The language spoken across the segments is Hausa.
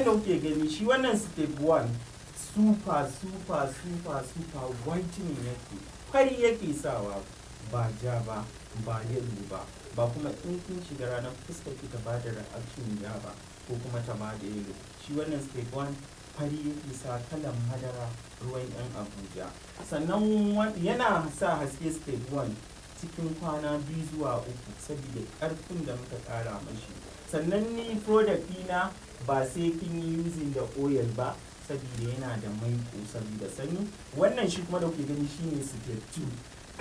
yadda kuke gani shi wannan step 1 super super super super whitening yake fari yake sawa ba ja ba ba yellow ba ba kuma in kun shiga ranar fuskar ki ta ba da reaction ya ba ko kuma ta ba da yellow shi wannan step 1 fari yake sa kalan madara ruwan yan abuja sannan yana sa haske step 1 cikin kwana biyu zuwa uku saboda ƙarfin da muka ƙara mashi sannan ni product dina ba sai kin yi using da oil ba saboda yana da mai saboda sanyi wannan shi kuma da kuke gani shine step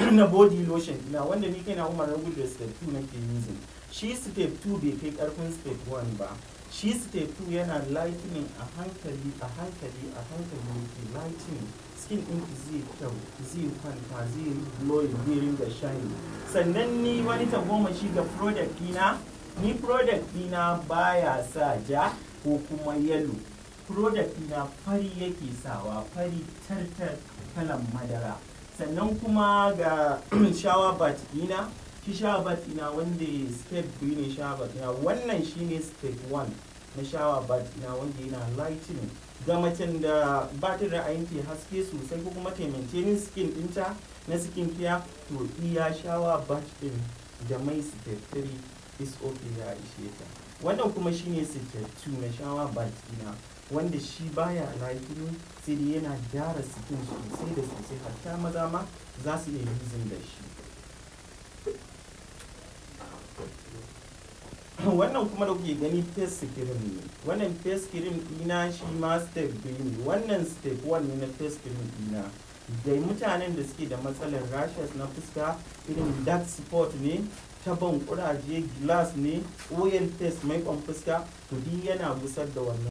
2 na body lotion ina wanda ni kaina umar rabu da step 2 nake using shi step 2 bai kai karfin step 1 ba shi step 2 yana lightening a hankali a hankali a hankali yake lightening skin din zai kyau zai kwanta zai glowing zai ringa shine sannan ni wani tagomashi ga product dina ni product dina baya sa ja ko kuma yalo product dina fari yake sawa fari tartar kalan madara sannan kuma ga shower bat dina shi shower bat dina wanda step biyu ne shawa bat dina wannan shine step 1 na shower bat dina wanda yana lightening ga macen da ba ta da ainihin haske sosai ko kuma ni skin dinta na skin care to iya shawa bat din da mai step 3 sop za ya ishe ta wannan kuma shine sikirtu na shawa bakina wanda shi baya lafiyo sai da yana gyara sikin sosai da sosai hatta maza ma za su iya yuzin da shi wannan kuma da kuke gani face cream ne wannan face cream ɗina shi ma step 2 ne wannan step 1 ne na face cream ɗina dai mutanen da suke da matsalar rashes na fuska irin dark spot ne taban kuraje glass ne oil test maikon fuska to yana gusar da wannan